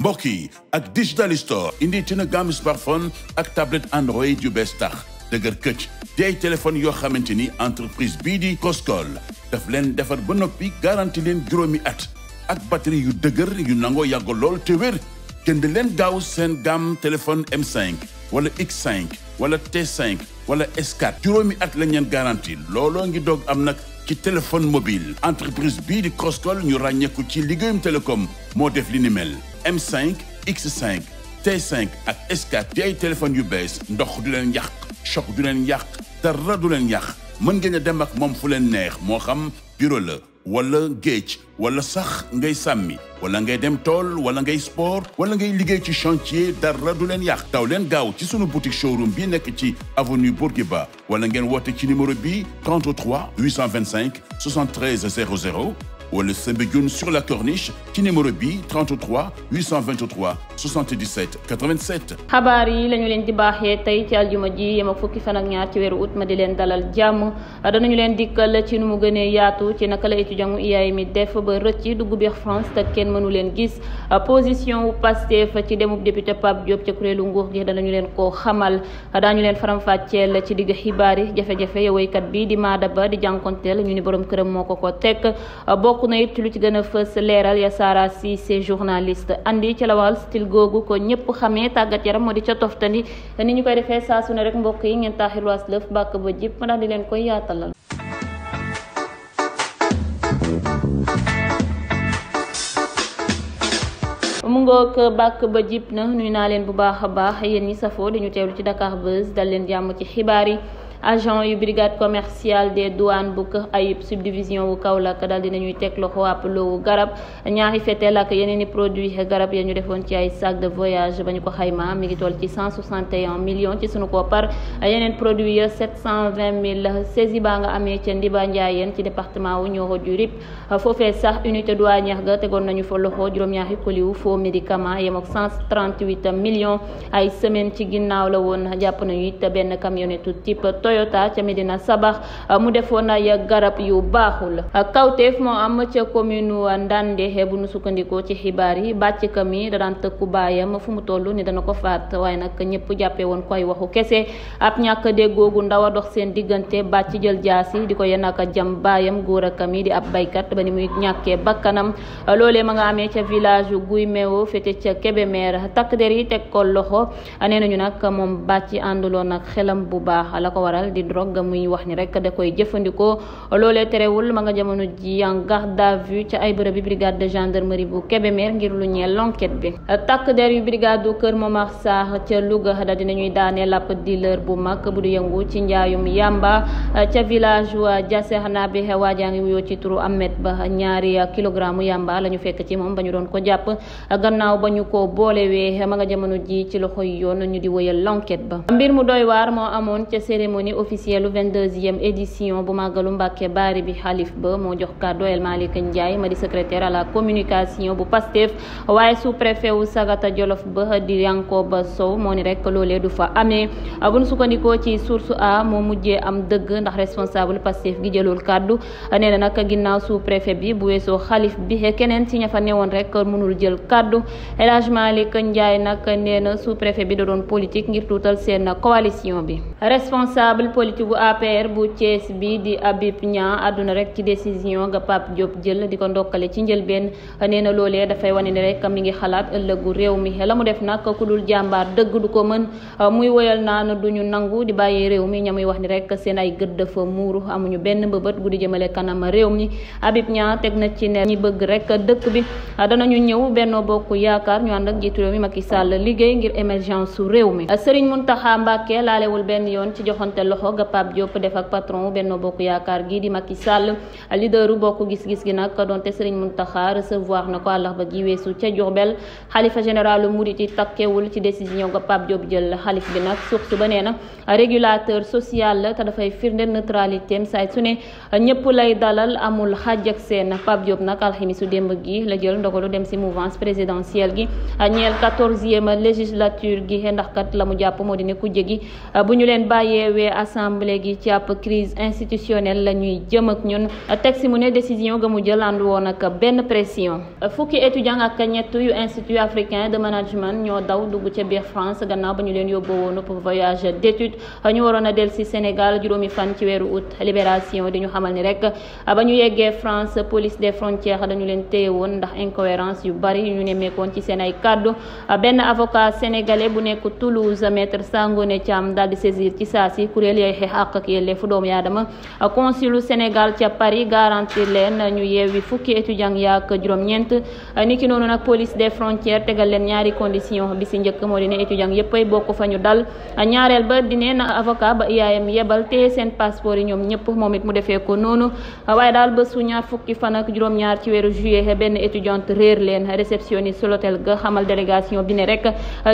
mbokk yi ak digital store indi tina gamme smartphone ak tablette Android yu bees tax dëgër këcc di ay téléphone yoo xamante ni entreprise bii di Crosscall daf leen defar ba noppi garanti leen juróomi at ak batterie yu dëgër yu nangoo yàgg lool te wér jënd leen gaaw seen gamme téléphone M5 wala X5 wala T5 wala s juróomi at lañ leen garanti looloo ngi doog am nag ci téléphone mobile entreprise bii di Crosscall ñu ràññeeku ci liggéeyum télécom moo def li ni mel. M5 X5 T5 ak S4 ay téléphones yu bees ndox du leen yàq choc du leen yàq dara du leen yàq mën ngeen a dem ak moom fu leen neex moo xam bureau la wala géej wala sax ngay sàmmi wala ngay dem tool wala ngay sport wala ngay liggéey ci chantier dara du leen yàq daw leen gaaw ci sunu boutique showroom bii nekk ci avenue Bourguiba wala ngeen woote ci numéro bi 33 825 73 00 wala Soumbédioune sur la Corniche ci numéro bi 33 823 77 87. xabaar yi la ñu leen di baaxee tey ci aljuma ji yem ak fukki fan ak ñaar ci weeru ut ma di leen dalal jàmm danañu leen dikkal ci nu mu gënee yaatu ci naka la étudiant u IAM mi def ba rëcc dugg biir France te kenn mënu leen gis position wu Pastef ci demub député Pape Diop ca kuréelu nguur gi danañu leen koo xamal daañu leen faram-fàcceel ci digg xibaar yi jafe-jafe woykat bi di Maada Ba di jànkonteel ñu ni borom këram moo ko ko teg bokk na a googu ko ñépp xamee tàggat yaram moo di ca toftandi ni ñu koy defee saa su ne rek mbokk yi ngeen taaxirluwaas lëf bàkk ba jëpp ma daal di leen koy yaatalal. mu ngoog bàkk ba jib na nuyu naa leen bu baax a baax yéen ñi safoo dañu teewlu ci dakaar Buzz dal leen jàmm ci xibaar yi. agent yu brigade commerciale des douanes bu Kër Ayib subdivision wu Kaolack daal dinañuy teg loxo ab loowu garab ñaari fetel ak yeneen i produits garab ya ñu defoon ci ay sac de voyage ba ñu ko xayma mi ngi toll ci cent soixante et un millions ci sunu koppar yeneen produits ya sept cent vingt mille saisi baa nga amee ca Ndiba Ndiayeen ci département wu Nioro du Rip foofee sax unité douanière ga tegoon nañu fa loxo juróom-ñaari colis wu faux médicament yem ak cent trente huit millions ay semaine ci ginnaaw la woon jàpp nañu it benn camionnette type Toyota ca Medina Sabax mu defoon ay garab yu baaxul kawteef moo am ca commune Ndande bu nu sukkandikoo ci xibaar yi ka mi da daan tëkku baayam fu mu toll ni dana ko faat waaye nag ñëpp jàppee woon koy waxu kese ab ñàkk déggoo gu ndaw a dox seen diggante bàcc jël jaas yi di ko yenn ak jam baayam góor a kam yi di ab baykat ba ni muy ñàkkee bakkanam loolee a nga amee ca village guy meewo féete ca Kébémer takk der yi teg koo loxo waral di drogue muy wax ni rek da koy jëfandikoo loolee terewul ma nga jamono ji en garde à vue ca ay bërëb bi brigade de gendarmerie bu Kébémer ngir lu ñeel l'enquête bi takk der yu brigade du Kër Momar Sarr ca Louga da dinañuy daanee lapp dealer bu mag bu du yëngu ci njaayum yamba ca village wa Diaserna bi waajaa ngi wuyoo ci turu Ahmed Ba ñaari kilogramme yamba la ñu fekk ci moom ba doon ko jàpp gannaaw ba ñu ko boolewee ma nga jamono ji ci loxoy yoon ñu di wëyal l'enquête ba mbir mu doy waar moo amoon ca cérémonie cérémonie officielle u 22 édition bu màggalu Mbàkke Baari bi xalif ba moo jox kàddu El Malick Ndiaye ma di secrétaire la communication bu Pastef waaye sous-préfet wu Sagata Jolof ba di Yankoba Sow moo ni rek loolee du fa amee bu sukkandikoo ci source a moo mujjee am dëgg ndax responsable Pastef gi jëlul kàddu nag ginnaaw sous-préfet bi bu weesoo xalif bi keneen ci ña fa newoon rek mënul jël kàddu El Hadj Malick nag nee na sous bi da doon politique ngir tuutal seen coalition bi responsable responsable politique bu APR bu Thiès bi di Habib Niang àdduna rek ci décision nga Pape Diop jël di ko ndokkale ci njëlbeen nee na loolee dafay wane ni rek mi ngi xalaat ëllëgu réew mi la mu def nag ku dul jàmbaar dëgg du ko mën muy woyal naan duñu nangu di bàyyi réew mi ñamuy wax ni rek seen ay gëdd dafa muuru amuñu benn mbëbët bu di jëmale kanam réew mi Habib Niang teg na ci ne ñi bëgg rek dëkk bi danañu ñëw Benno Bokk Yaakaar ñu ànd ak jiitu réew mi Macky Sall liggéey ngir émergence su réew mi Serigne Mountakha Mbacké laalewul benn yoon ci joxante loxo ga Pape Diop def ak patron wu Benno Bokk Yaakaar gi di Macky Sall leaderu bokk gis-gis gi nag donte Serigne Mountakha recevoir na ko àllarba gi weesu ca Diourbel xalifa général Mouride takkewul ci décision ga Pape Diop jël xalif bi nag source ba nee na régulateur social la dafay firnde neutralité am saay su ne ñëpp lay dalal amul xàjj ak seen Pape Diop nag alxemisu démb gi la jël lu dem si mouvance présidentielle gi ñeel quatorzième législature gi ndax kat la mu jàpp moo di ne ku jégi bu ñu leen bàyyeewee assemblée gi ci ab crise institutionnelle la ñuy jëm ak ñun teg mu ne décision ga mu jël ànd woon ak benn pression fukki étudiant ak ñett yu institut africain de management ñoo daw dugg ca biir France gannaaw ba ñu leen yóbboo woon pour voyage d'étude ñu waroon a del si Sénégal juróomi fan ci weeru août libération di ñu xamal ni rek ba ñu yeggee France police des frontières dañu leen téye woon ndax incohérence yu bari yu ñu nemmeekoon ci seen ay kàddu benn kuréel yay xeex àq ak yelleefu doomu aadama consul Sénégal ca Paris garantir leen ñu yeewi fukki étudiant yaak juróom-ñeent niki noonu nag police des frontières tegal leen ñaari condition bi si njëkk di ne étudiant yëppay bokk fa ñu dal ñaareel ba di ne na yi ñoom ñëpp moom it mu defee ko noonu waaye daal ba su ñaar fukki fan ak juróom-ñaar ci weeru juillet benn étudiante réer leen réceptionniste l'hôtel ga xamal délégation bi ne rek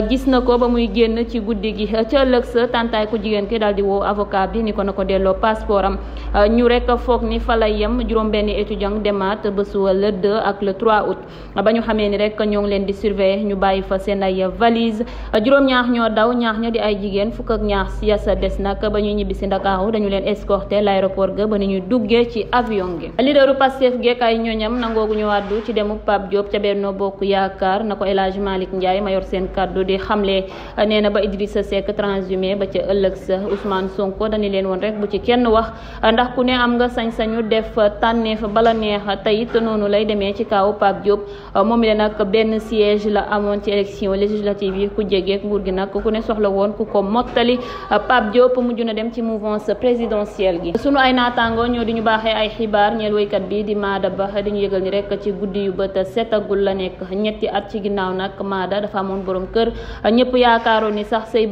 gis na ko ba muy génn ci guddi gi ca ëllëg sa tàntaay ku jigéen ki daal di avocat bi ni ko na ko delloo passeport am euh, ñu rek foog ni fa la yem juróom-benn étudiant demaat bésu le 2 ak le 3 août ba ñu xamee ni rek ñoo ngi leen di surveiller ñu bàyyi fa seen ay valise euh, juróom-ñaax ñoo daw ñaax ña di ay jigéen fukk ak ñaax si yasa des nag ba ñuy ñibbi si Ndakaaru dañu leen escorter l'aéroport ga ba ni ñuy duggee ci avion gi leaderu Pastef geek ay ñooñam nangoogu ñu wàddu ci demu Pape Diop ca Benno Bokk Yaakaar na ko El Hadj Malick Ndiaye ma yor seen kàddu di xamle euh, nee na ba Idrissa ba ca Ousmane Sonko dañu leen woon rek bu ci kenn wax ndax ku ne am nga sañ-sañu def tànneef bala neex tey it noonu lay demee ci kaw Pape Diop moom la nag benn siège la amoon ci élection législative yi ku jegeek nguur gi nag ku ne soxla woon ku ko mottali Pape Diop mujj na dem ci mouvance présidentielle gi. sunu ay naataangoo ñoo di ñu baaxee ay xibaar ñeel woykat bi di Maada Ba di ñu yëgal ni rek ci guddi yu bët setagul la nekk ñetti at ci ginnaaw nag Maada dafa amoon borom kër ñëpp yaakaaroon ni sax sëy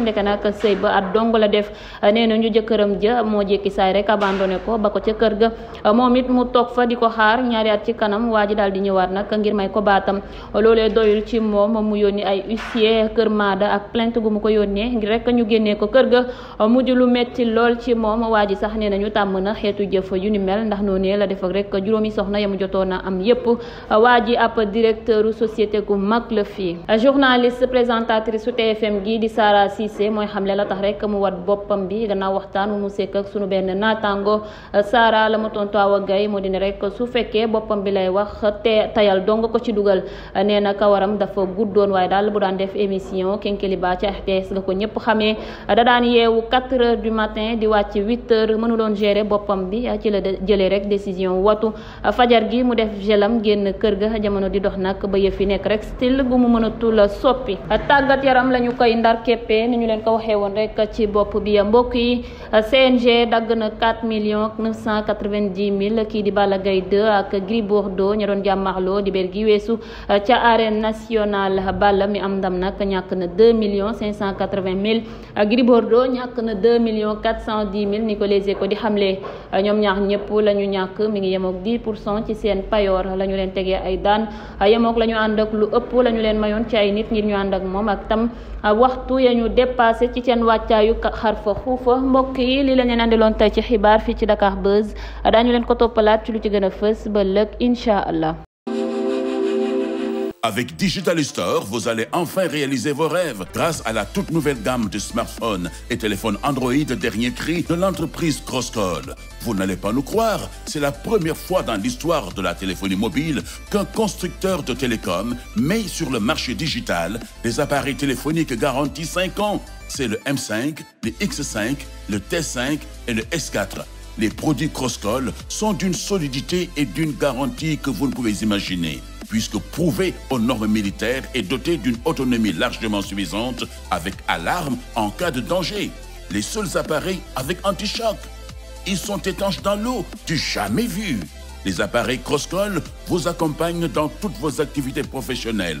neex xamle que nag sëy ba at dong la def nee na ñu jëkkëram ja moo jékki saay rek abandonné ko ba ko ca kër ga moom it mu toog fa di ko xaar ñaari at ci kanam waa ji daal di ñëwaat nag ngir may ko baatam loolee doyul ci moom mu yónni ay huissier kër maada ak plainte gu mu ko yónnee ngir rek ñu génnee ko kër ga mujj lu metti lool ci moom waa ji sax nee nañu tàmm na xeetu jëf yu ni mel ndax noonu la def ak rek juróomi soxna yamu jotoon a am yépp waa ji ab directeur société gu mag la fii Cissé mooy xamle la tax rek mu wat boppam bi gannaaw waxtaan mu sekk ak sunu benn naataango Sara la ma tontu Awa Gaye moo di ne rek su fekkee boppam bi lay wax te tayal dong ko ci dugal nee na kawaram dafa guddoon waaye daal bu daan def émission Kenkeliba ci RTS nga ko ñëpp xamee da daan yeewu 4 heures du matin di wàcc 8 heures mënuloon gérer boppam bi ci la jëlee rek décision watu fajar gi mu def gelam génn kër ga jamono di dox nag ba yëf yi nekk rek style gu mu mënatul soppi tàggat yaram lañu koy ndar keppee leen ko waxee woon rek ci bopp bi mbokk yi CNG dagg na 4 millions 990 mille kii di Balla Gaye 2 ak Gris Bordeaux ña doon jàmmaarloo di ber gi weesu ca arène nationale Balla mi am ndam nag ñàkk na 2 millions 580 mille Gris Bordeaux ñàkk na 2 millions 410 mille ni ko Les Échos di xamle ñoom ñaar ñëpp la ñu ñàkk mi ngi yemook 10 pour cent ci seen payoor la ñu leen tegee ay daan yemook la ñu ànd ak lu ëpp la ñu leen mayoon ci ay nit ngir ñu ànd ak moom ak tam waxtu ya ñu passé ci seen wàccaay xar fa xuufa mbokk yi li la ñu loon tey ci xibaar fii ci Dakar Buzz daañu leen ko toppalaat ci lu ci gën a fës ba lëg incha allah. Avec Digital Store, vous allez enfin réaliser vos rêves grâce à la toute nouvelle gamme de smartphones et téléphones Android dernier cri de l'entreprise Crosscall. Vous n'allez pas nous croire, c'est la première fois dans l'histoire de la téléphonie mobile qu'un constructeur de télécom met sur le marché digital des appareils téléphoniques garantis cinq ans. C'est le M5, le X5, le T5 et le S4. Les produits Crosscall sont d'une solidité et d'une garantie que vous puisque prouvé aux normes militaires et doté d'une autonomie largement suffisante avec alarme en cas de danger. Les seuls appareils avec anti-choc. Ils sont étanches dans l'eau, du jamais vu. Les appareils Crosscall vous accompagnent dans toutes vos activités professionnelles.